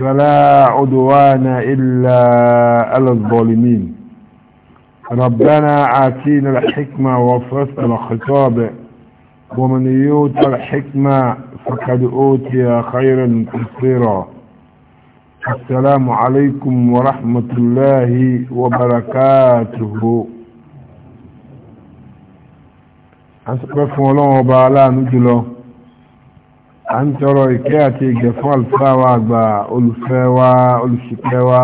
فلا عدوان إلا على الظالمين ربنا آتينا الحكمة وفصل الخطاب ومن يوت الحكمة فقد أوتي خيرا كثيرا السلام عليكم ورحمة الله وبركاته أسألكم الله وبعلا نجله à ń tọrọ ìkẹ́ àti ìgẹ̀ fún àlùfáà wa àgbà olùfẹ́ wa olùṣìpẹ̀ wa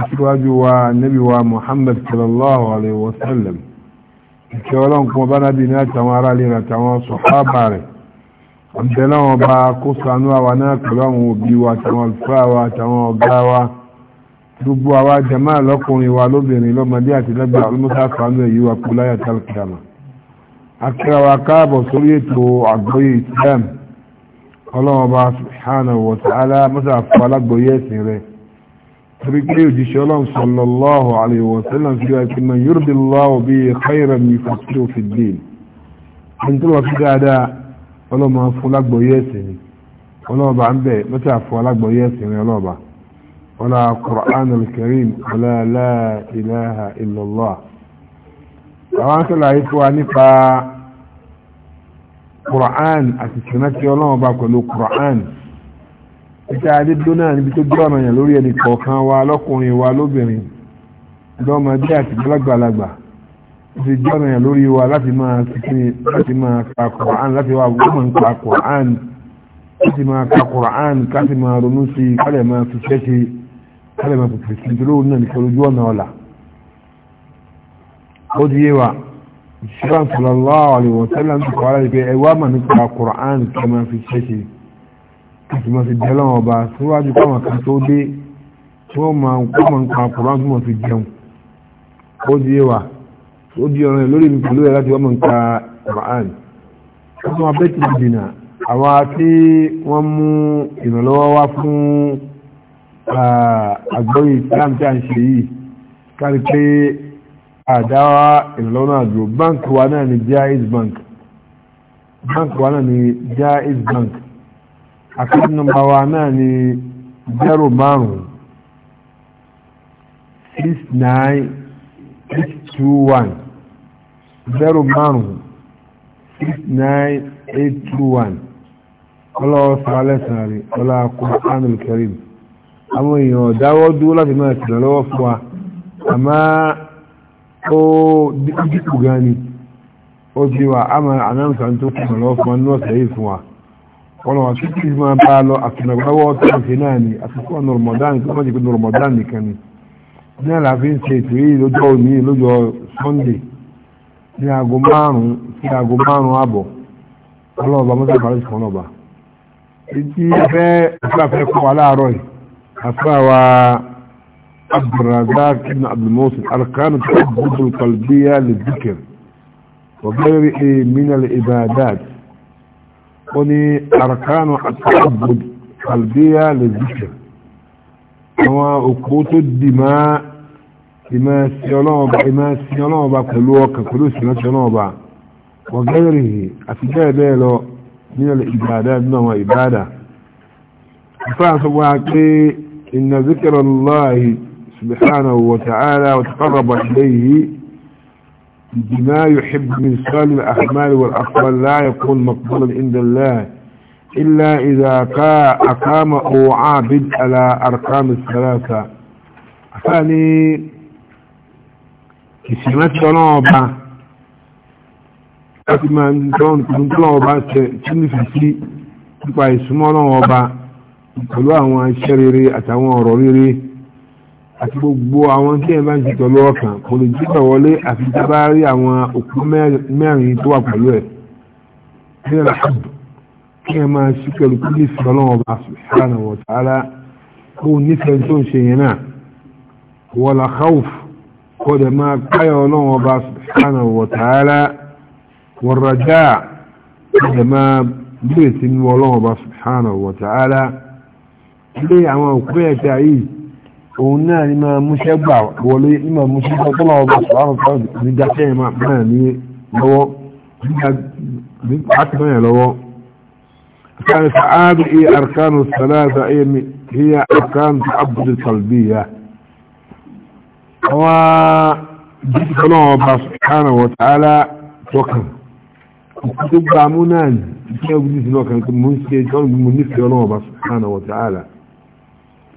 aṣíwájú wa nábì wa Muhammad sallallahu alayhi wa sallam ìkẹ́ ọlọ́run kún ọba nábì ní àtàwọn ará lè ràtàwọn sọ̀hábà rẹ̀ àbẹ̀lẹ̀ wọn bá kó ṣàánú àwa náà pẹ̀lú àwọn òbí wa àtàwọn àlùfáà wa àtàwọn ọ̀gá wa gbogbo àwa jama lọ́kùnrin wa lóbìnrin lọ́mọdé àti lẹ́gbà olùmọ́sáfàánú èyí wa kú láyàtàlùkìyàmà akẹ́wà káàbọ̀ sórí ètò àgbọ́yé Islam ọlọ́ọ̀bá subhanahu wa ta'ala mọ́sá falagbóyé ẹ̀sìn rẹ̀ torí pé òjíṣẹ́ ọlọ́run sallallahu alaihi wa sallam fi wáyé pínlẹ̀ yuridillahu bihi khayran yufaqihu fi ddin ẹni tó lọ sí dáadáa ọlọ́ọ̀bá falagbóyé ẹ̀sìn ni ọlọ́ọ̀bá ń bẹ̀ mọ́sá falagbóyé ẹ̀sìn rẹ̀ ọlọ́ọ̀bá wala qur'an al-karim wala la àwọn akẹ́lẹ̀ àyíkú wa nípa Qur'an àti sinasi ọlọ́wọ́ bá pẹ̀lú Qur'an ìta adédúná níbi tó jẹ́ ọ̀nà yàn lórí ẹni kọ̀ọ̀kan wa lọ́kùnrin wa lóbìnrin lọ́mọdé àti gbọ́lágbàlagbà ti jẹ́ ọ̀nà yàn lórí wa láti máa sikiri láti máa ka Qur'an láti wá wọ́n ka Qur'an láti máa ka Qur'an káti máa ronú sí i kálẹ̀ máa fi ṣẹ́ kálẹ̀ máa fi fèsì nítorí náà nìkan lójú ọ̀nà ọ̀la ó ti yé wa ìṣẹ́ràn sallallahu alaihi wa sallam ti kọ́ aláìpẹ́ ẹwà mà nípa Qur'an kí ma fi ṣẹ́ṣe kí ma fi jẹ́lọ́ ọba síwájú káwọn kan tó dé tí wọ́n ma ń kọ́ ma ń pa Qur'an tó ma fi jẹun ó di ẹwà ó di ọ̀rọ̀ lórí mi pẹ̀lú ẹ̀ láti wọ́n ma ń pa ó tún abẹ́ ti dìnnà àwa tí wọ́n mú ìrànlọ́wọ́ wá fún àgbọ́yé Islam tí a ń ṣe yìí kárí pé àdáwà ìrànlọ́nà àjò báńkì wa náà ni jaiz bank báńkì wa náà ni jaiz bank àkáǹtì nọ́mbà wa náà ni zero márùn six nine eight two one zero márùn six nine eight two one ọlọ́wọ́ sàálẹ̀ sàárè ọlá Qur'anul Karim àwọn èèyàn dáwọ́ dúró láti máa ṣèrànlọ́wọ́ fún wa àmọ́ ó dípò gan ni ó ti wà á máa ànáǹsà tó kùnà lọ fún anú ọ̀sẹ̀ yìí fún wa ọ̀nà àti kí ní máa bá a lọ àtìlẹ̀gbọ́wọ́ tó ń ṣe náà ni àtìkú ọ̀nà rọmọdán tó wọ́n ti pé rọmọdán nìkan ni ní àlàáfíà ń yìí lọ́jọ́ òní lọ́jọ́ sunday ní aago márùn-ún sí aago márùn-ún àbọ̀ ọlọ́ọ̀bà mọ́tò parí kan lọ́ba èyí tí afẹ́ afẹ́ kọ́ wa yìí àfẹ́ wa عبد الرزاق ابن عبد الموسى أركان التعبد القلبية للذكر وغيره من العبادات وني أركان التعبد القلبية للذكر هو أقوط الدماء إما سيولوبا إما سيولوبا كلوكا كلوسنا سيولوبا وغيره أفجاه بيلو من العبادات نوع عبادة فأصبح إن ذكر الله سبحانه وتعالى وتقرب إليه بما يحب من سال الأحمال والأقوال لا يكون مقبولا عند الله إلا إذا أقام أو عابد على أرقام الثلاثة ثاني كسمت نوبة أتما أنتون نوبة تنفسي تبقى اسمه نوبة pẹ̀lú àwọn aṣẹ́ rere àtàwọn ọ̀rọ̀ àti gbogbo àwọn tí ẹ bá ń ti tọ̀ lọ́wọ́ kan kò lè gbígbà wọlé àfi tá a bá rí àwọn òkú mẹ́rin tó wà pẹ̀lú ẹ̀ ní alhab kí ẹ máa ṣí pẹ̀lú kí ní ìfẹ́ ọlọ́wọ́ bá subhanahu wa ta'ala kó o nífẹ̀ẹ́ tó ń ṣe yẹn náà wala khawf kó o dẹ̀ máa káyọ̀ ọlọ́wọ́ bá subhanahu wa ta'ala wal raja kó o dẹ̀ máa bíyèsí ní ọlọ́wọ́ bá subhanahu wa ta'ala ilé àwọn òkú ẹ̀ta òun náà ni máa múṣẹ́ gbà wọlé ní máa múṣẹ́ gbà tó láwọn bá sọ̀rọ̀ fún mi jáṣẹ́ yẹn máa ní lọ́wọ́ láti náà lọ́wọ́ كان سعاد هي أركان الثلاثة هي أركان تعبد القلبية وجدت الله سبحانه وتعالى توكل كتب عمونا كيف يجب أن يكون مسكين كون منفع الله سبحانه وتعالى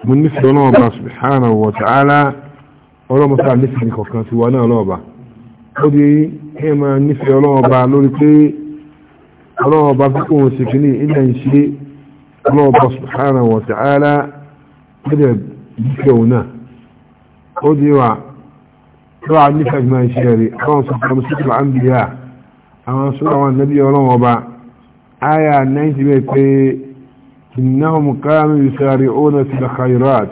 mun nífẹ̀ẹ́ ọlọ́ọ̀bá subhanahu wa ta'ala ọlọ́mọsá nífẹ̀ẹ́ kọ̀kan sí wa náà ọlọ́ọ̀bá ó di ẹ máa nífẹ̀ẹ́ ọlọ́ọ̀bá lórí pé ọlọ́ọ̀bá fíkún sí kí ní ilẹ̀ ń ṣe ọlọ́ọ̀bá subhanahu wa ta'ala gẹ́gẹ́ nífẹ̀ẹ́ òun náà ó di wa lọ́wọ́ nífẹ̀ẹ́ máa ń ṣe rí àwọn sọ̀tàmù sí ìlú àmbíyà àwọn sọ̀rọ̀ àwọn nàbí ọlọ́ọ̀bá áyà 90 pé إنهم كانوا يسارعون في الخيرات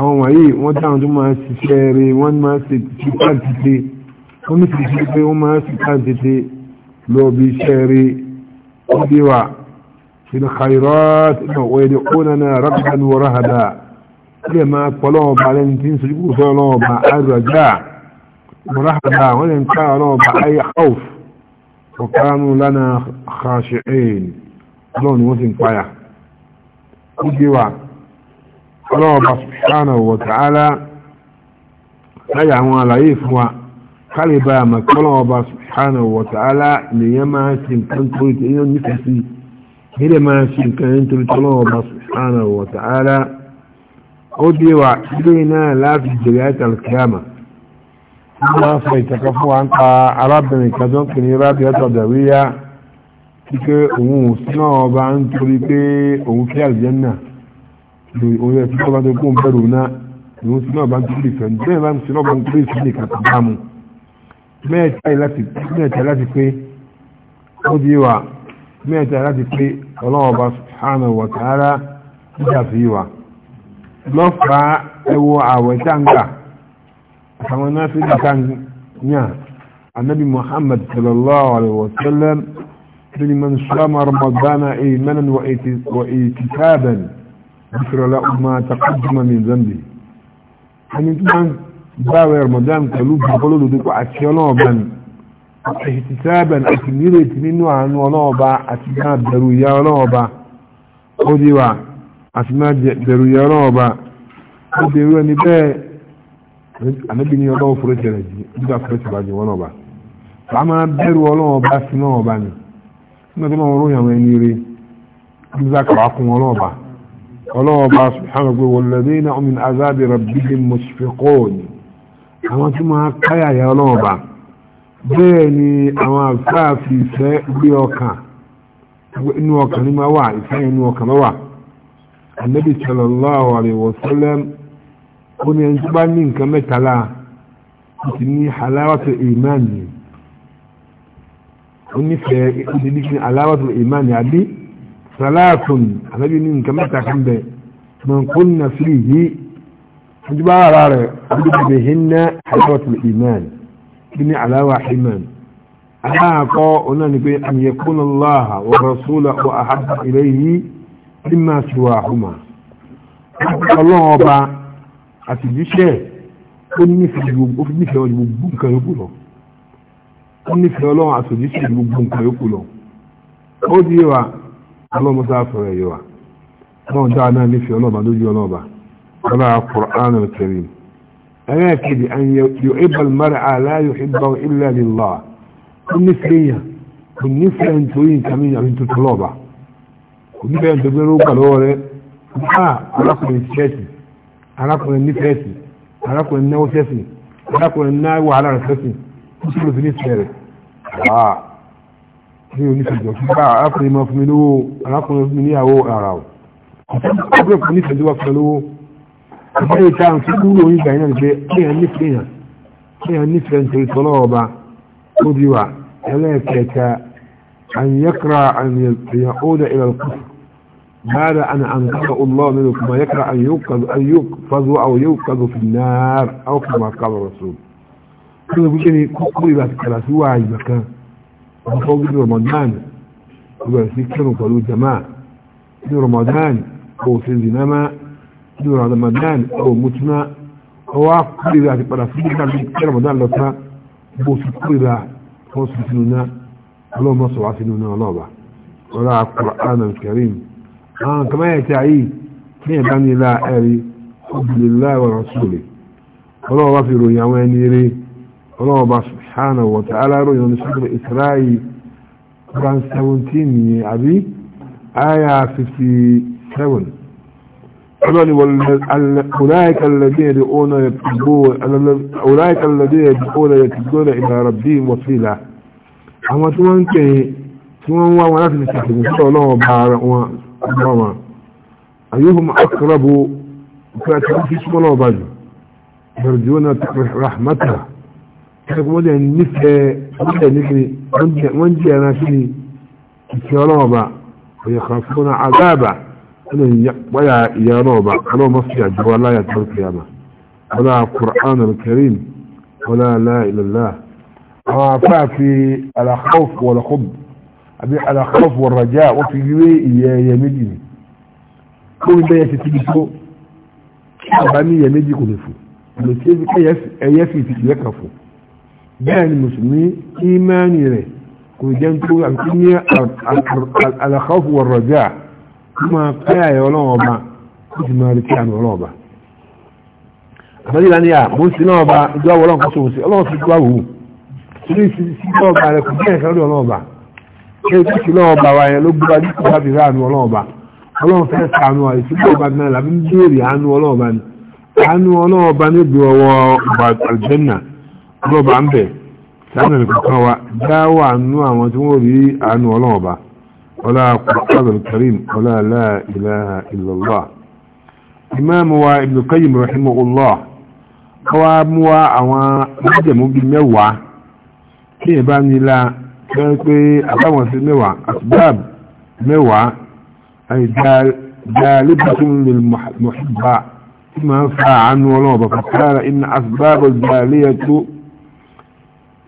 àwọn wọ̀nyí wọ́n dáhùn tó máa ṣiṣẹ́ rẹ̀ wọ́n máa ṣe kíkà títí wọ́n ní kìí ṣe pé wọ́n máa ṣe kíkà títí lọ bí iṣẹ́ rẹ̀ wọ́n bí wà ṣìlẹ̀ khairat náà wọ́n èdè kóna náà rákàtàn wọ́n ráhàdá ilẹ̀ máa pọ̀lọ́ ọba lẹ́ni tí ń sojú kò sọ ọlọ́ ọba àrùràjá wọ́n ráhàdá wọ́n lè ń ká ọlọ́ ọba ayé hauf ọ̀kánú lánàá khashi'in ọlọ́run ni wọ́n ti ń payà ó gbé wa ọlọ́run bá subhanahu wa ta'ala láyà àwọn àlàyé fún wa kálíbà àmàkọ́lọ́ ọba subhanahu wa ta'ala lèyàn máa ṣe nǹkan torí tí èèyàn nífẹ̀ẹ́ sí nílé máa ṣe nǹkan torí tí ọlọ́run ọba subhanahu wa ta'ala ó gbé wa ilé náà láti jèrè àti alkiyama wọ́n máa sọ ìtẹ̀kọ́ fún wa ń pa arábìnrin kan tó ń pè ní rábìá tọ̀dàwíyá pípé òun ò sí náà ọba ń torí pé òun fẹ́ àlùjẹ́nà òun yẹ kí ọba tó kó ń bẹ̀rù náà òun sí náà ọba ń torí ìfẹ́ bẹ́ẹ̀ bá ń sí náà ọba ń torí ìfẹ́ nìkan tó bá mu mẹ́ẹ̀ta láti pé ó di wà mẹ́ẹ̀ta láti pé ọlọ́wọ́ ọba subhanahu wa ta'ala ń jà sí wà lọ́fàá ẹwọ àwẹ̀ táǹkà àtàwọn náà fi ń tàn yàn anabi muhammad sallallahu alaihi wa sallam لمن صام رمضان ايمانا واعتكابا ذكر له ما تقدم من ذنبه ẹni tó máa ń gbáwẹ̀ ramadan pẹ̀lú bọ́lọ́ lòdòkó àti ọlọ́ọ̀bá ni àti sábẹ̀n àti nírètí nínú àánú ọlọ́ọ̀bá àti máa bẹ̀rù ìyá ọlọ́ọ̀bá ó di wà àti máa bẹ̀rù ìyá ọlọ́ọ̀bá ó di irú ẹni bẹ́ẹ̀ ànábì ní ọlọ́wọ́ fúrẹ́tẹ̀rẹ̀ jì nígbà fúrẹ́tẹ̀rẹ̀ jì wọ́n ọ̀bá nígbàtí wọn ròyìn àwọn ẹni rí nígbà kàwá kún ọlọ́ọ̀bà ọlọ́ọ̀bà subhanahu pé walladhina min azabi rabbihim mushfiqun àwọn tí máa káyà yà ọlọ́ọ̀bà bẹ́ẹ̀ ni àwọn àfáàfi ìfẹ́ gbé ọkàn inú ọkàn ní máa wà ìfẹ́ inú ọkàn lọ́wà ànábì sallallahu alaihi wasallam ó ní ẹni tó bá ní nǹkan mẹ́tàlá ó ti ní halawatu ìmáànì onífẹ̀ẹ́ ìdílé kí ni aláwàtò ìmáàni àbí sàlátùn àbẹ́bí ní nǹkan mẹ́ta kan bẹ̀ mọ̀nkún na fìrí yìí ojú bá ara rẹ̀ ọdún bẹ̀ hin ná aláwàtò ìmáàni kí ni aláwà ìmáàni aláàkọ́ oná ni pé an yakun Allah wa rasúlà wa ahabba ilayhi mimma siwahuma ọlọ́run ọba àtìjíṣẹ́ ó nífẹ̀ẹ́ gbogbo nǹkan yókù lọ ó nífẹ̀ẹ́ ọlọ́run àtòjì sí gbogbo nǹkan yòókù lọ ó di wa ọlọ́mọsá fẹ̀rẹ̀ yẹ wa ọlọ́run dáa náà nífẹ̀ẹ́ ọlọ́ba lójú ọlọ́ba ọlá Qur'an al-Karim ẹlẹ́ẹ̀kejì an yuhibba al-mar'a la yuhibbuhu illa lillah ó nífẹ̀ẹ́ yẹn kò nífẹ̀ẹ́ nítorí nǹkan mi àbí tuntun lọ́ba kò nífẹ̀ẹ́ nítorí ó gbà lọ́wọ́ rẹ arákùnrin ṣẹ́ẹ̀sì arákùnrin nífẹ̀ẹ́sì arákùnrin náwó ṣẹ́ẹ̀sì arákùnrin náwó alára ṣẹ́ẹ̀sì ó sì lè fi nífẹ̀ẹ́ rẹ̀ àà ní oníṣẹ́jọ́ fún bá arákùnrin máa fún mi lówó arákùnrin fún mi níyàwó ara ò ọgbẹ́ fún oníṣẹ́jọ́ wá fún lówó ọgbẹ́ ìta àti kúrò oyin gbà yín náà pé kéèyàn nífẹ̀ẹ́ yàn kéèyàn nífẹ̀ẹ́ nítorí tọ́lọ́ ọba tó di wà ẹlẹ́ẹ̀kẹta àyẹ̀kra àyẹ̀kra ó dẹ̀ ìlà kù بعد أن أنقذ الله منه كما يكره أن يوقظ أو يوقظ في النار أو كما قال الرسول kí ló fi ní kókó ìgbà kàlà sí wà ìgbà kan ọkọ̀ gidi ramadan ìbẹ̀rẹ̀ sí kírun pẹ̀lú jama ní ramadan kò sí zinama ní ramadan kò mutuna ọwọ́ kókó ìgbà àti padà sí ìgbà kí ramadan lọ tán bó sì kókó ìgbà wọ́n sì sínú náà ọlọ́mọ sọ wá sínú náà ọlọ́ọ̀bà ọlá Qur'an al-Karim àwọn kama yẹ ti ayé ní ẹ̀dá ní ilá ẹ̀rí ọ̀bùnlélá wa rasuli ọlọ́wọ́ wá fi ròyìn àwọn ẹni rí ọlọ́wọ́ bá subhanahu wa ta'ala ròyìn ní sọ́dọ̀ israeli quran 17 ni àbí aya 57 ọlọ́ni أولئك الذين يدعون يتبون أولئك الذين يدعون يتبون إلى ربهم وسيلة أما تمن كي تمن وما في تحكم الله بار وما أيهم أقرب فتحكم الله بار يرجون رحمته kẹ́kọ̀ọ́ wọ́n dẹ̀ nífẹ̀ẹ́ wọ́n dẹ̀ nífẹ̀ẹ́ wọ́n jẹ́ ẹran sí ni ìfẹ́ ọlọ́ọ̀ba òye kan fún náà agbáàbà wọ́n yẹ wáyà ìyá ọlọ́ọ̀ba ọlọ́ọ̀ba fi àjọ aláyà tó fi àmà wọ́lá Qur'an al-Karim wọ́lá la ilallah àwọn afáà fi al-khawf wal-hubb àbí al-khawf wọ́n fi wé ìyẹ ẹyẹ méjì ni kó ní bẹ́yẹ ti ti tó kí àbá ní ìyẹ méjì kò lè fò kò fi ìtìlẹ́kàn bẹ́ẹ̀ ni mùsùlùmí ìmánì rẹ̀ kò jẹ́ tó ní al-khawf war-raja' kuma fẹ́yàyẹ ọlọ́wọ́ ọba ó sì máa rí kí àmì ọlọ́wọ́ ọba àbájú ìlànà yà mú sí náà ọba ìjọ àwọn ọlọ́wọ́ kọ́sọ̀ sí ọlọ́wọ́ sí ìjọ àwòwò ní sí ọba rẹ̀ kò bẹ́ẹ̀ kan lọ́wọ́ ọba ṣé ìjọ sí náà ọba wa yẹn ló gbúra ní kò láti rí àmì ọlọ́wọ́ ọba ọlọ́wọ́ fẹ́ sànù àìsíkò ọba náà làbí ń béèrè àánú ọlọ́wọ́ ni àánú ọlọ́wọ́ ní ìgbé ọwọ́ lọ́ba ń bẹ̀ sáàmì nìkan wa dáwà nú àwọn tí wọ́n rí àánú ọlọ́ọ̀ba ọlá kùrọ̀kọ́dọ̀ karim ọlá la ilaha illallah imam wa ibn qayyim rahimahullah kọwa mú wa àwọn májẹ̀mú bíi mẹ́wàá kí ẹ̀ bá ní la fẹ́ pé àbáwọn sí mẹ́wàá asbab mẹ́wàá àyè dáálébàtún lè mọ̀hìbá tí máa ń fa àánú ọlọ́ọ̀ba fàtàrà inna asbab al-jaliyatu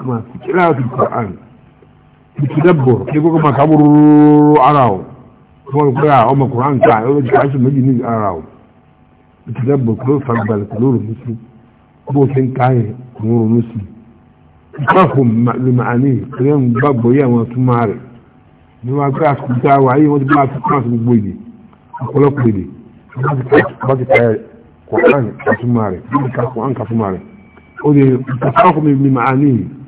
كما في قراءة القرآن بالتدبر يقول كما كبر أراه كما القراءة أما القرآن كاع يقول لك عشر مجي أراه بالتدبر كل فقبل كلور المسلم أبو سنكاي نور المسلم تفهم لمعانيه كلام باب وياه وانتم عارف بما كاس كنتا وعيه وتبع في الناس بويدي أقولك بيدي باقي تاع القرآن كاتماري باقي القرآن كاتماري ودي تفهم لمعانيه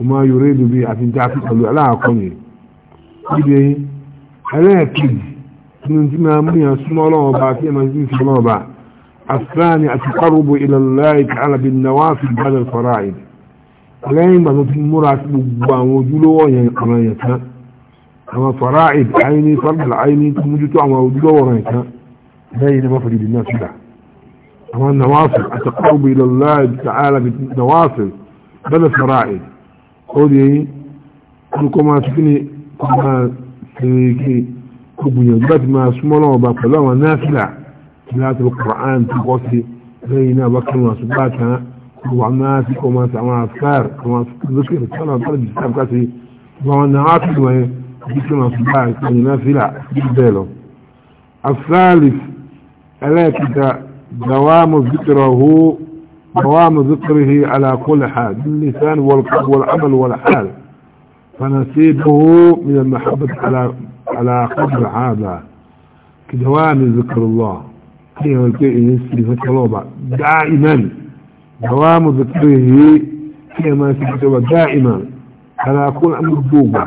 وما يريد به عشان تعرف قالوا لا قوي دي انا اكيد من ما من اسمع الله بعد ما يسمع الله بعد الثاني التقرب الى الله تعالى بالنوافل بعد الفرائض لين ما تمر اسبوع وجلو يعني كما يتا اما فرائض عيني فرض العين تمجتو اما وجلو ورنكا لين ما فرض الناس لا اما النوافل التقرب الى الله تعالى بالنوافل بدل الفرائض ó rí eyín olùkọ́ máa fi kíni kó máa fi kí kó gbìyànjú láti máa súnmọ́ náà ọba pẹ̀lú àwọn náfìlà tí láti lọ Quran tó kọ́ sí lẹ́yìn náà bá kírun àṣù bá tán kó wà náà sí kó máa sàwọn àfáàr àwọn lókè sọ́nà tó lè sáà ká sí wọn náà á fi wọn bí kírun àṣù bá ìkànnì náfìlà bí bẹ́ẹ̀ lọ. الثالث دوام ذكره على كل حال باللسان والقلب والعمل والحال فنسيبه من المحبة على على قدر هذا كدوام ذكر الله كيف يسري فطلوبة دائما دوام ذكره كما سيكتب دائما على كل أمر دوبة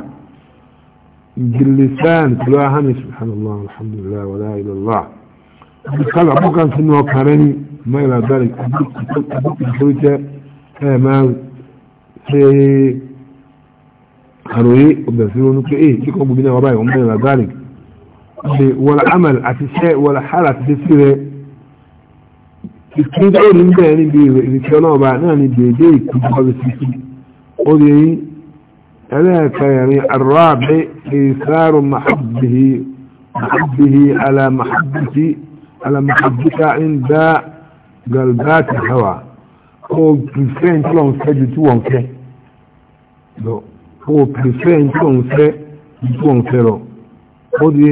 باللسان سبحان الله الحمد لله ولا إله إلا الله بقلبك أنت أنه كرني ما إلى ذلك البيوت ما في هروي وبسيروا نقول إيه كيكم بنا وباي وما إلى ذلك والعمل أتشاء ولا حالة تسيرة ìpín tó ní bẹ́ẹ̀ níbi ìrìnkẹ́ ọlọ́ọ̀bá náà ni dèédé ìkúbọ̀lù títí ó di yí ẹlẹ́ẹ̀kẹrin arọ́àbẹ́ ìsáàrù mahabbihi ala mahabbika ń dá galgata hawa kó o pèsè tí wọ́n fẹ́ ju tí wọ́n fẹ́ lọ kó o pèsè tí wọ́n fẹ́ ju tí wọ́n fẹ́ lọ ó di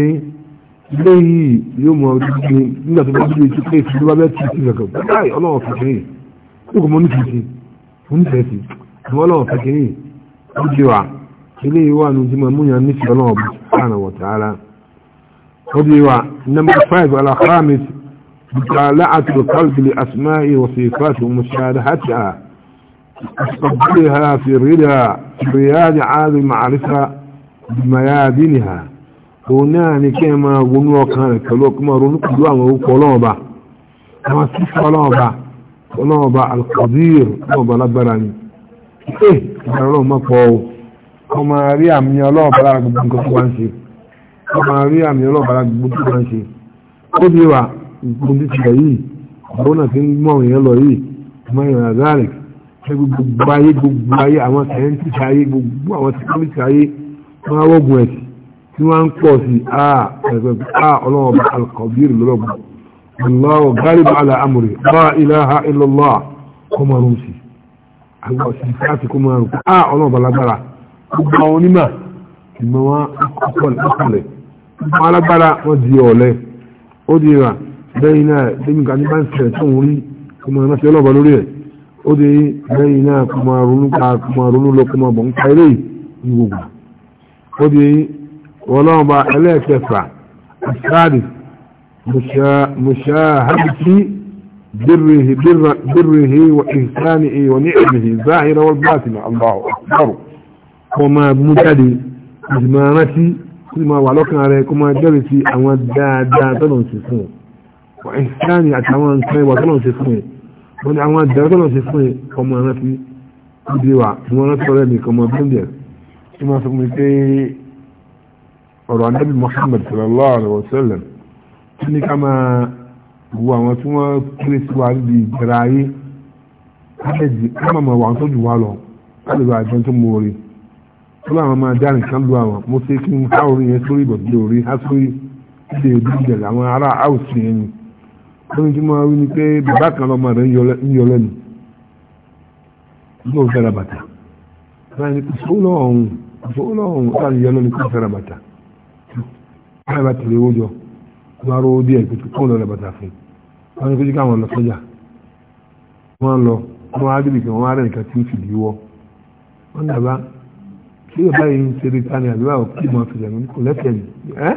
ilé yìí yóò mọ ọdún ní nígbà tó bá dúró tí pé ìfúnni bá bẹ́ tì sí ìrẹ̀kọ̀ báyìí ọlọ́run fẹ́ kiri ó kò mọ ní kìí sí mo ní fẹ́ sí àwọn ọlọ́run fẹ́ kiri ó di wa ilé yìí wà ní ojúmọ̀ múyàn nífẹ̀ẹ́ ọlọ́run bá sàn wọ̀tàrà ó di wa number five alakhamis مطالعة القلب لأسماء وصفات ومشاهدتها استقبلها في غيرها رياض عاد المعرفة بميادينها هناك كما غنوا كان كلوك ما رنق دوام وقلوبة أما سيف قلوبة قلوبة القدير قلوبة لبراني إيه قالوا ما فوق ọmọ rí àmì ọlọ́ọ̀bá lára gbogbo nǹkan tó wá ń ṣe ọmọ rí gbogbo ti lọ yìí àwọn náà ti ń mọ èèyàn lọ yìí ọmọ ìrìn àgáàrẹ ṣe gbogbo ayé gbogbo ayé àwọn sẹ́ńtìtì ayé gbogbo àwọn sẹ́ńtìtì ayé wọn á wọ́gùn ẹ̀sì tí wọ́n ń pọ̀ sí a illallah kọmọrún sí àwọn ọ̀sìn láti kọmọrún a ọlọ́wọ́ bá lágbára gbogbo àwọn onímọ̀ ìmọ̀ wọn akọ̀kọ̀lẹ̀ wọn alágbára wọn di ọ̀lẹ ó di ìrà lẹ́yìn náà lẹ́yìn kan ní bá ń tó ń rí kó máa rántí lórí ẹ̀ ó dé lẹ́yìn náà kó ká kó máa lọ kó bọ̀ ń ka eré ní gbogbo ó dé ọlọ́ọ̀bà ẹlẹ́ẹ̀kẹfà asáàdì mùsàáhàbìtì bírìhì wà ìsáni ìwà ní ìbìhì záhìrà wà bá tìmọ̀ àbáwọ̀ àbárò kó máa mú jáde ìdìmọ̀ máa wà lọ́kàn kó máa jẹ́rìí sí ìsáàni àtàwọn nǹkan ìwà tọ́lọ̀ ṣe fún ẹ̀ wọ́n ni àwọn àdìdá tọ́lọ̀ ṣe fún ẹ̀ ọmọ ẹ̀rọ fi ìdí wa tí wọ́n rántí ọ̀rẹ́ mi kan mọ́ bíndẹ̀ tí wọ́n sọ fún mi pé ọ̀rọ̀ anábì Muhammad sallallahu alaihi wasallam tí ní ká máa wo àwọn tí wọ́n kéré sí wa níbi ìgbéra ayé káàdì ká máa mọ̀ wọ́n tó jù wá lọ káàdì wa àjọ tó mọ̀ọ́rẹ́ tó láwọn máa dá nìkan lu àwọn mo ṣe kí n ká orin yẹn sórí ìbọ̀dé orí hásórí ìdè ìdíjẹ̀ àwọn ará áùsì yẹn ni lórí tí máa wí ni pé bàbá kan lọ́mọ rẹ̀ ń yọ lẹ́nu ló fẹ́ra bàtà báyìí ni kò sówó lọ́wọ́ ọ̀hún kò sówó lọ́wọ́ ọ̀hún láti yọ lẹ́nu kò fẹ́ra bàtà báyìí bá tẹ̀lé owó jọ wọ́n arọ́ owó díẹ̀ kò kó lọ́rẹ̀ bàtà fún un wọ́n ní kó jí káwọn lọ sọ́jà wọ́n lọ wọ́n á débi kan wọ́n á rẹ̀ nìkan tí ń fìdí wọ́ wọ́n dàbá kí bàbá yìí ń ṣeré tani àbí báwo kí mo fi lẹ́nu kò lẹ́sẹ̀ mi ẹ́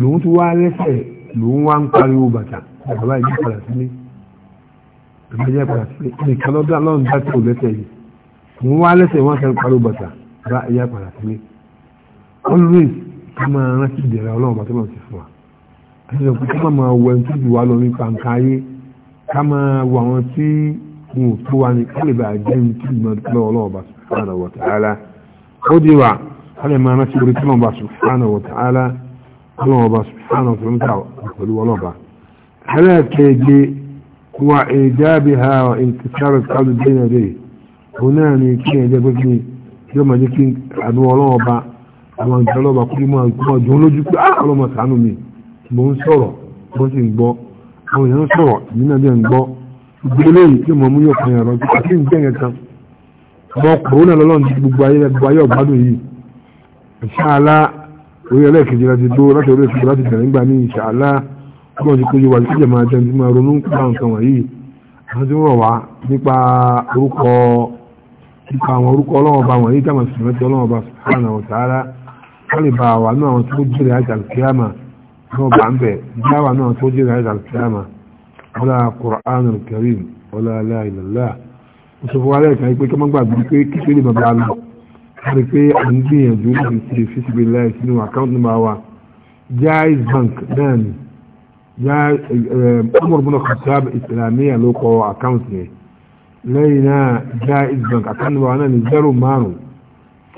lòun ti wá lẹ́sẹ̀ lòun wá ń pariwo bàtà bàbá ìlú padà sílé bàbá ìlú padà sílé nìkan lọ́dọ̀ lọ́run dá tó lẹ́sẹ̀ yìí wọ́n wá lẹ́sẹ̀ wọ́n sẹ́ni pariwo bàtà bàbá ìlú padà sílé always ká máa rántí ìdẹ̀rẹ̀ ọlọ́run bàtà náà ti fún wa àti ìdọ̀kú ká máa wọ ẹni tó jù wá lọ nípa nǹkan ayé ká máa wọ àwọn tí wọn ò tó wa ní ká lè bá jẹ́ ní tí ìmọ̀ lọ́wọ́ ọlọ́run bàtà subhanahu wa ọlọ́wọ́ bá subhanahu wa ta'ala pẹ̀lú ọlọ́ba ẹlẹ́ẹ̀kẹ́gbé wa ìjábí ha ìtìsára sáàdù dẹ́nà rẹ̀ òun náà ni kí ẹ̀jẹ̀ pé kí yóò máa jẹ́ kí àdó ọlọ́wọ́ bá àwọn ìjọ ọlọ́ba kúrú máa gbọ́ jọ lójú pé ah, ọlọ́mọ ṣàánú mi mò ń sọ̀rọ̀ bó sì ń gbọ́ àwọn èèyàn sọ̀rọ̀ èmi náà bẹ́ẹ̀ ń kan ẹ̀rọ kí n gbẹ̀yẹ̀ kan ọmọ kòrónà lọ́lọ́run ti gbogbo ayé gbogbo ayé ọ̀gbádùn yìí ìṣáàlá orí ẹlẹ́ẹ̀kejì láti dó láti orí ẹ̀kejì láti bẹ̀rẹ̀ nígbà ní ìṣàlá ọgbọ́n ti péjú wájú kíjẹ̀ máa jẹun tí máa ronú nípa nǹkan wọ̀nyí àwọn tí wọ́n wà nípa orúkọ nípa àwọn orúkọ ọlọ́wọ́n bá wọ̀nyí táwọn sì rántí ọlọ́wọ́n bá sùkúrànà ọ̀tàrà wọ́n lè bá wà náà àwọn tí ó jẹ́rẹ̀ àjàlùkíyàmà náà bá ń bẹ̀ ìjà wà náà tó jẹ́rẹ̀ àjàlùkíyàmà wọ́lá Qur'an al-Karim wọ́lá aláìlélá ó sọ fún wa lẹ́ẹ̀kan pé kí wọ́n gbàgbé pé kíkéré bàbá lọ kárí pé à ń gbìyànjú láti ṣe fíṣibí láì sínú àkáǹtì máa wa jaiz bank náà ni Umar bin Khattab islamiyya ló kọ àkáǹtì yẹn lẹ́yìn náà jaiz bank àkáǹtì máa wa náà ni zero márùn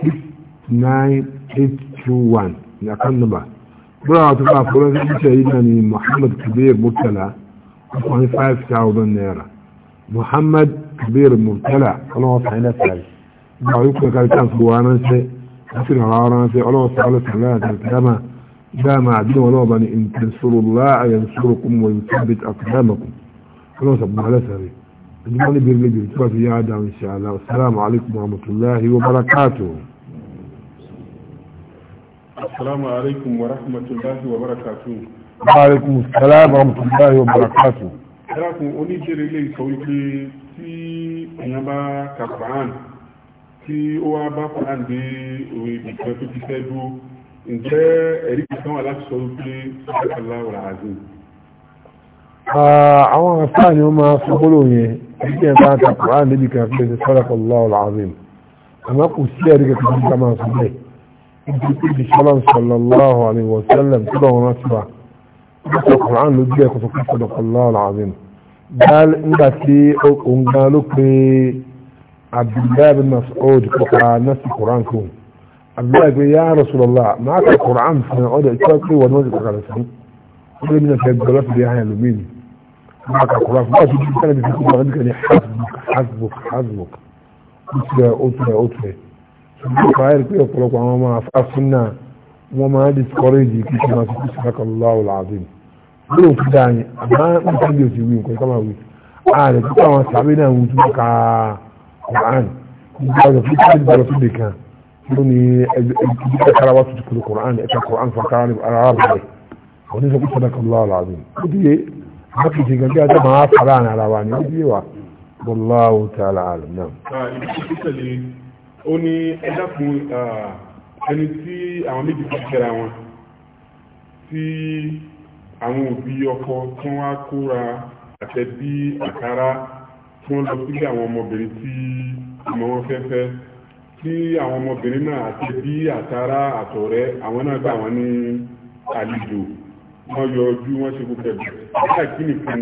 six nine eight two one ni àkáǹtì máa bọ́lá àti bá àfọlọ́ sí ìṣe yìí náà ni Muhammad Kabir Murtala ọkùnrin five thousand naira Muhammad Kabir Murtala ọlọ́wọ́ fàyínà fàyínà. ضعيف كالتان فوانسة أسر عرانسة الله تعالى ثلاثة الكلامة لا معدين ولا بني إن تنصروا الله ينصركم ويثبت أقدامكم الله سبحانه على سبيل أجمعني بالنبي التوفى في آدم إن شاء الله والسلام عليكم ورحمة الله وبركاته السلام عليكم ورحمة الله وبركاته وعليكم السلام ورحمة الله وبركاته ẹ̀rọ kún oníjẹ́rẹ́ ilé ìsọ wípé tí èèyàn bá kàkùrán tí ó wá bá Quran dé ìkan tó ti fẹ́ dúró ǹjẹ́ ẹ̀rí kan wà láti sọ wípé ṣàkàlà wà àzù. àwọn afáà ni wọ́n máa fọ́gbọ́lò yẹn ẹ̀rí kan bá ta Quran débi kan fún ẹ̀sẹ̀ ṣàkàlà wà àzù àmọ́ kò sí ẹ̀rí kan tó ká máa sọ bẹ́ẹ̀ níbi tí ibi sọ́lá sallallahu alaihi wa sallam tó bá wọn rántí wa ó sọ Quran lójú ẹ̀kọ́ tó kọ́ sọ̀dọ̀ kọ́ lọ́wọ́ àzù nígbà tí òun gan ló pé abdullahi bin mas'ud kuka nasi quran kun abdullahi bin ya rasulullah ma ka quran fún ọ da ita pé wọn wọn kuka rasu wọn lè mina fẹ gbọlọ fi di ayan lómi ni ma ka quran fún ọ ti di sanadi fi kuma ọdún kan ni hasbuk hasbuk hasbuk ó tirẹ̀ ó tirẹ̀ ṣùgbọ́n kò ayé pé ọ̀pọ̀lọpọ̀ àwọn ọmọ afáfún náà wọ́n máa discourage kí ṣe máa fi kú sílẹ̀ kan lọ́wọ́ làásìn lóò fi dáa ni àmọ́ nípa bí o ti wí nǹkan sábà wí ààrẹ Quran gbọ́dọ̀ fi kí gbọ́dọ̀ fi dìkan ló ní ẹgbẹ́ kára wá tuntun kúrò Quran ẹ̀ka Quran fún akára ní ara bẹ̀rẹ̀ àwọn oníṣẹ́ kó sọ́dọ̀ kan lọ́wọ́ làwọn ó di yé wọ́n fi ṣe gẹ́gẹ́ ajá máa fara àrùn ara wa ni ó di yé wa bọ́láwó ah, tí a làálù náà. ibi tí tẹ̀lé ó ní ẹja fún ẹni tí àwọn méjì fi kẹra wọn tí àwọn òbí ọkọ tí wọ́n á kóra àtẹ̀bí àkàrà tí lọ sí àwọn ọmọbìnrin tí ọmọ wọn fẹ́ fẹ́ tí àwọn ọmọbìnrin náà àti bí àtàrà àtọ̀rẹ́ àwọn náà gbà wọ́n ní àlejò wọ́n yọ ojú wọ́n ṣe wáyé bí ìtàn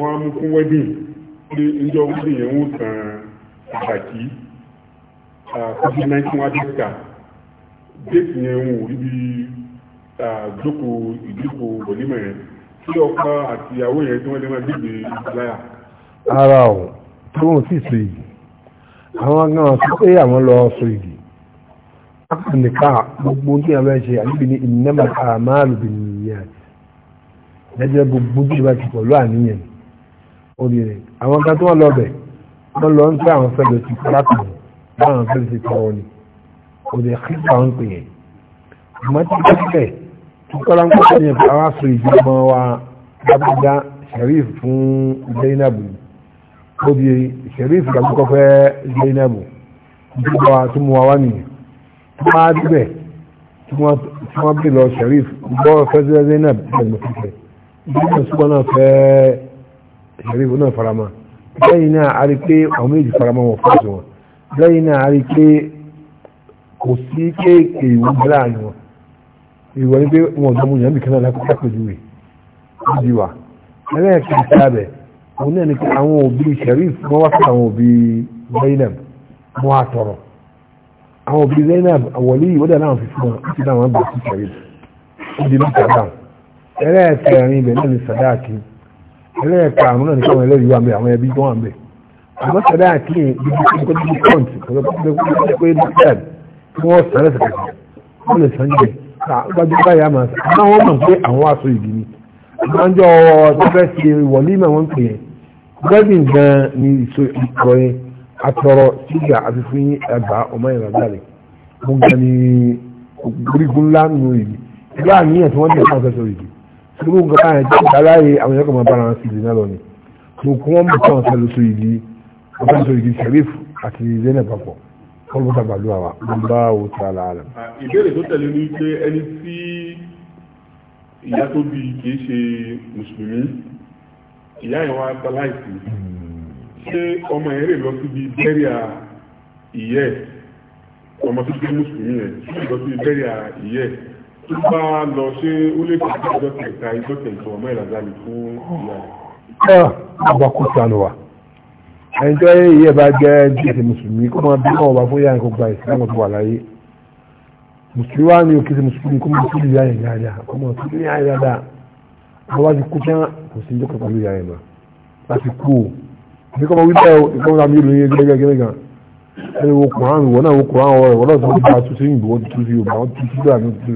wọn mú fún wedding ní ńjọ wedding yẹn pàtàkì covid nineteen déètì yẹn kí ọkọ àti ìyàwó yẹn tí wọ́n lè máa gbígbé láyà. ara ọ̀ tí wọ́n sì so yìí àwọn gan sọ pé àwọn lọ so yìí akọ̀ nìka gbogbo tí a bá ṣe àbíbi ní ìnáma àmàlù bì nìyẹn jẹjẹ gbogbo tí a bá ti pọ̀lú àníyàn obìnrin àwọn kan tí wọ́n lọ bẹ̀ wọ́n lọ ń fẹ́ àwọn fẹ́ lọ sí pàápàá báwọn fẹ́ lọ sí pàápàá ni òde kíkà ń pè tukọ́lá ń kọ́kọ́ yẹn fún àwọn àfìrí ìjọba wa dábàdá sharif fún zainabu ó di sharif làbúkọ́ fẹ́ zainabu ìjọba wa tó mu wa wá nìyẹn tó máa dúbẹ̀ tí wọ́n bí lọ sharif gbọ́ fẹ́ zainabu bẹ́ẹ̀ ló fi fẹ́ ìjọba ìṣúgbọ́n náà fẹ́ sharif náà farama lẹ́yìn náà a rí pé àwọn méjì farama wọ̀ fún ìṣòwọ̀n lẹ́yìn náà a rí pé kò sí kéèké ìwúgbẹ́ láàrin wọn ìwọ ni pé wọn ọ̀dọ́ mu yẹn nìkan náà lápẹ́ pẹ̀lúwe níbi wa ẹlẹ́ẹ̀kejì sábẹ̀ òun náà ni pé àwọn òbí Sharif wọn wá sí àwọn òbí Zainab wọn á tọrọ àwọn òbí Zainab àwọlé yìí wọ́n dà láwọn fífi wọn láti dá wọn bá sí Sharif ó di mẹ́ta dáhùn ẹlẹ́ẹ̀kẹrin ibẹ̀ náà ni sàdáàkì ẹlẹ́ẹ̀ka àwọn náà ni káwọn ẹlẹ́rìí wà ń àwọn ẹbí gbájú báyà máa sọ àmọ́ wọ́n mọ̀ pé àwọn aṣọ ìdí ni àmọ́jọ́ tó fẹ́ ṣe wọ̀límà wọ́n pè yẹn gbẹ́bìn gan ni ìṣó ìkọ̀rọ̀ yẹn atọ̀rọ̀ sígà àti fún ẹgbà ọmọ ìrànlá rẹ̀ mo gan ni gbígun ńlá nù ìlú ìlú àníyàn tí wọ́n ti fún ọ̀sẹ̀ ìdí sọ́kú nǹkan báyẹn jẹ́ ìdáláyé àwọn ẹ̀kọ́ máa bára wọn sí ìdí náà lọ ni mo kún wọn mú kí wọn fẹ́ lóṣù ìdí wọn fẹ́ lóṣù ìdí Sharif àti Zainab papọ̀ kọlu ta gbàdúrà wa ń bá wo ti ara rẹ. ìbéèrè tó tẹ̀lé ni pé ẹni tí ìyá tó bí kìí ṣe mùsùlùmí ìyá yẹn wá sáláìsì hmm. ṣé ọmọ yẹn lè lọ síbi bẹ́ríà ìyẹ́ ọmọ tó jẹ́ mùsùlùmí yẹn ṣé lọ síbi bẹ́ríà ìyẹ́ tó bá lọ ṣé ó lè kàdé ìjọ kẹta ìjọ kẹjọ ọmọ ìlàjà lè fún ìyá rẹ. ẹ ah, àbákú sanu wa ẹni tó yẹ iye bá jẹ́ jíjẹ mùsùlùmí kó máa bí wọn wà fún yáyìn kó gba ìsìlámù tó wà láyé mùsùlùmí wà ní òkè mùsùlùmí kó máa tún yáyìn dáadáa kó máa tún yáyìn dáadáa wọn bá ti kú tán kò sí ìjọkọ̀ pẹ̀lú yáyìn mọ́ láti kú o ní kọ́ máa wí bẹ́ẹ̀ o ìkọ́ máa mi lóye gẹ́gẹ́gẹ́ gan ẹni wo kùrán wọn náà wo kùrán wọn wọn náà sọ fún wọn tún sí tún sí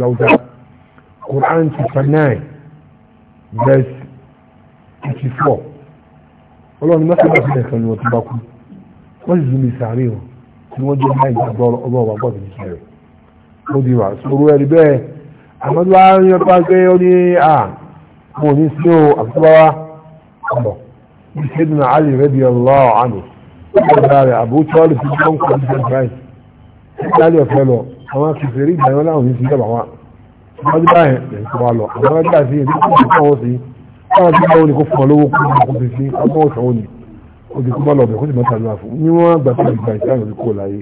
yorùbá ọlọ́run ni mẹ́fà ìbílẹ̀ kan ni wọ́n ti bá kú wọ́n sì zumi sàárè wọn tí wọ́n jẹ́ náà ìgbà ọlọ́run wà gbọ́dọ̀ ní sẹ́rẹ̀ ó di wà sọ̀rọ̀ ẹ̀rí bẹ́ẹ̀ àmọ́tí wàá ń yọ pa pé ó ní à mo ní sí o àtúbáwá ọ̀bọ̀ ní sẹ́dùn àlè rẹ́bi ọlọ́ọ̀ àmì ọ̀gá rẹ̀ àbó tọ́lù fi gbọ́n kọ́ ní sẹ́dùn ìdálẹ́ ọ̀fẹ́ lọ àwọn kìfèrí ìgbà yẹn láwọn ní ti yẹ káwọn tí wọn ni kó fún ọ lówó kó ní kó fi fi ọmọ ọ̀sán òní ó ti kó bá lọ bẹ̀ kó sì máa tàdúrà fún ní wọn gbà tó ìgbà ìṣẹ́ àwọn olùkọ́ láyé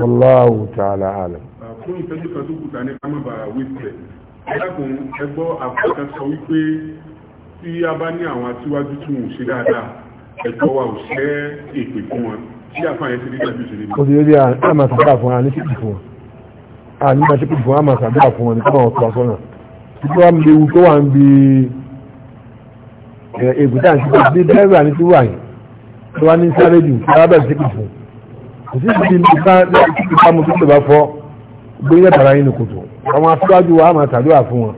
wallahu ta'ala alam. fún ìfẹ́jú kan tó kùtà ní kámẹ́bà wíṣẹ̀ ẹ̀dàkùn ẹgbọ́ àbúkà sọ wípé tí a bá ní àwọn aṣíwájú tí wọn ò ṣe dáadáa ẹ̀kọ́ wa ò ṣẹ́ èpè fún wọn tí àfààyàn ti rí dájú sí nínú. òṣèré bí a máa sàdúrà fún wa ní sípì fún wọn a ní máa sípì fún wa máa sàdúrà fún wọn ní káwọn ọ̀tọ̀ àsọ̀nà ègùn tá à ń ṣe ní dẹ́rẹ́bà ní tí wà yìí tó wá ní sáré jù kí wọ́n bẹ̀rẹ̀ sí kì fún kò sí ti ní ká lẹ́yìn tí ká mú tó bá fọ́ gbé ní ẹ̀tàrà yìí ní kòtò àwọn afúwájú wa máa tàdúrà fún wọn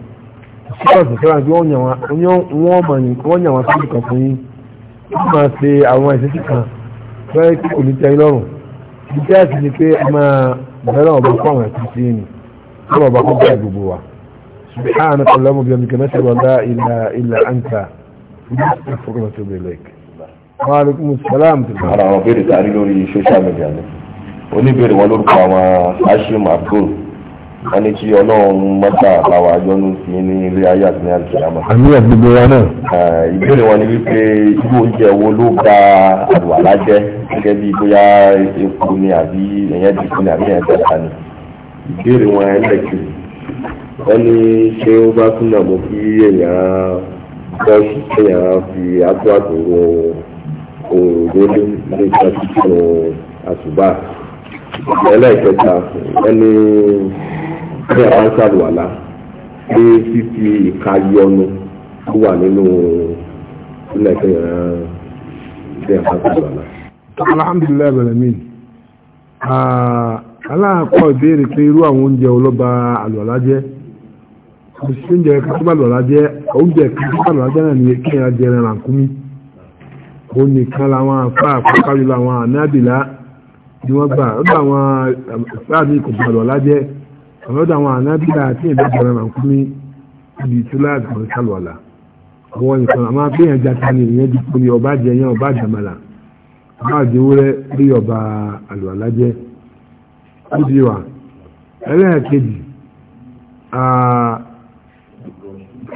sí ọ̀sán kí wọ́n yàn wọn sí kan fún yín wọ́n máa ṣe àwọn ìṣesí kan fẹ́ kí kò ní tẹ́ lọ́rùn ìdíjẹ́ àti ni pé a máa bẹ̀rẹ̀ ọ̀bọ̀ fún àwọn ẹ̀sìn sí ni kí ọ̀bọ̀ kọ́ bẹ́ẹ̀ gbogbo wa سبحانك اللهم وبحمدك نشهد ان لا اله الا انت fọkànlá tó bẹ lẹ́ẹ̀kì. maaleykum salaam. ara àwọn béèrè tá a rí lórí social media ni oníbèrè wọn lórúkọ àwọn hashim abdul wọn ní kí ọlọ́run mọ́tà àbáwá yọnu sí ní ilé ayé àti ní àlùkìyàmọ́. àmì àgbègbè wa náà. ìbéèrè wọn ni wípé irú oúnjẹ wo ló bà àlùwàlá jẹ́ gẹ́gẹ́ bí bóyá epo ni àbí ẹ̀yẹ́ dìbò ni àbí ẹ̀yẹ́ dàgbà ni ìbéèrè wọn ẹlẹ́kìrì wọ́n ní ṣé ó bá túnmọ̀ mọ́ kí èèyàn bọ́ọ̀sì kéèyàn fi àtúwàtò wọ òòrùn lórí ilé iṣẹ́ títún àṣùbà ẹlẹ́ẹ̀kẹta ẹni bẹ́ẹ̀ wá ń ṣàlùwàlá pé fífi ìka yọnu tó wà nínú ilẹ̀ kéèyàn bẹ́ẹ̀ wá ń ṣàlùwàlá. alhamdulilayi alamin ah, ìbéèrè pé irú àwọn oúnjẹ olóba àlùwàlá jẹ́ oúnjẹ kátó bá lọ́la jẹ́ oúnjẹ kátó bá lọ́la jẹ́ náà ní kéèyàn jẹrẹ rànkúmí òun nìkan la afá àpákárí làwọn anábìlá ni wọ́n gbà lọ́dọ̀ àwọn sáàmì um, kò bá lọ́la jẹ́ lọ́dọ̀ àwọn anábìlá tí èdè jẹrẹ rànkúmí ibi tí láàgbà ń sálọ̀la àwọn nìkan àmọ́ kéèyàn jata ni ìyẹn di kò ní ọba jẹ yẹn ọba jàmàlà ọba àdéwúrẹ́ rí ọba àlọ́la jẹ́ ó di wa ẹlẹ́ẹ̀kejì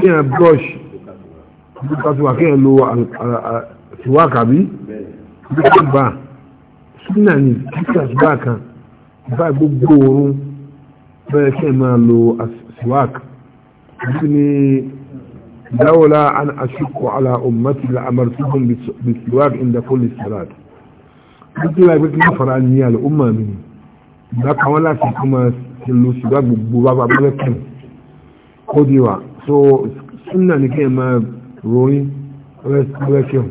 kéèyàn brush nípa tiwa kéèyàn lo tiwa kàbí nípa bá súnà ní kíkà tiwa kan bá gbogbo oorun bẹ́ẹ̀ kéèyàn máa lo tiwa kàbí ní dáwọ́lá an aṣíkò ala ummati la amartuhum bi tiwa inda kulli salat nítorí wáyé pé kí wọ́n fara ní àlùmọ́ mi ìgbà kan wọ́n láti kọ́ máa ṣe lo tiwa gbogbo bá bá bá lẹ́kùn kó di wa so súnà ní kí ẹ máa ròyìn ọlẹ́kẹ̀ọ́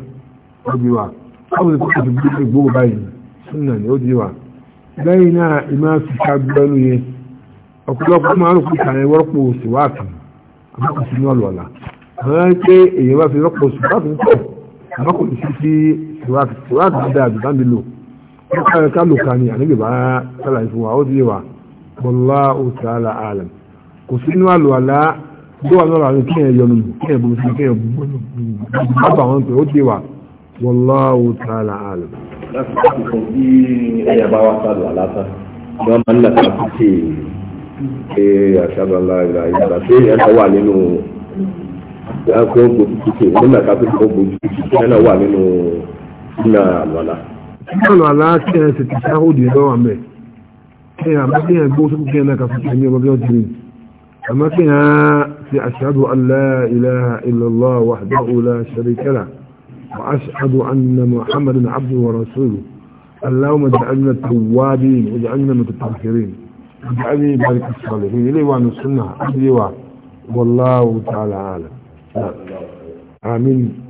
ó di wa ọ̀bùn kò tó bí gbogbo báyìí súnà ní ó di wa lẹ́yìn náà ìmá fi ká gbẹ́nu yẹn ọ̀pọ̀lọpọ̀ máa rò pípa ẹ wọ́pọ̀ síwáàtì àmọ́kò sí ní ọ̀lọ́lá àwọn ẹni pé èèyàn bá fi rọ́pọ̀ síwáàtì pọ̀ àmọ́kò sí sí síwáàtì síwáàtì dáadáa àdùbá mi lò wọ́n ká ẹ̀ka lò ká ní àníbì bá sálàyé fún wa ó di wa wallahu ta'ala alam kò sí ní dọ́wà lọ́ra rẹ̀ kí ẹ yọnu kí ẹ bọ̀ sí kí ẹ bọ̀ bàbá wọn pé ó ti wà wallahu ta'ala alam. láti fún bí ẹ̀yà bá wá sálù àlásà ni wọ́n máa ń làtà sí wà nínú ẹ̀kọ́ gbòógì títì nígbà tá wà nínú ìnà àlọ́lá. أشهد أن لا إله إلا الله وحده لا شريك له وأشهد أن محمد عبده ورسوله اللهم اجعلنا التوابين واجعلنا متطهرين اجعلني بارك الصالحين لي وان السنة أدري والله تعالى عالم آمين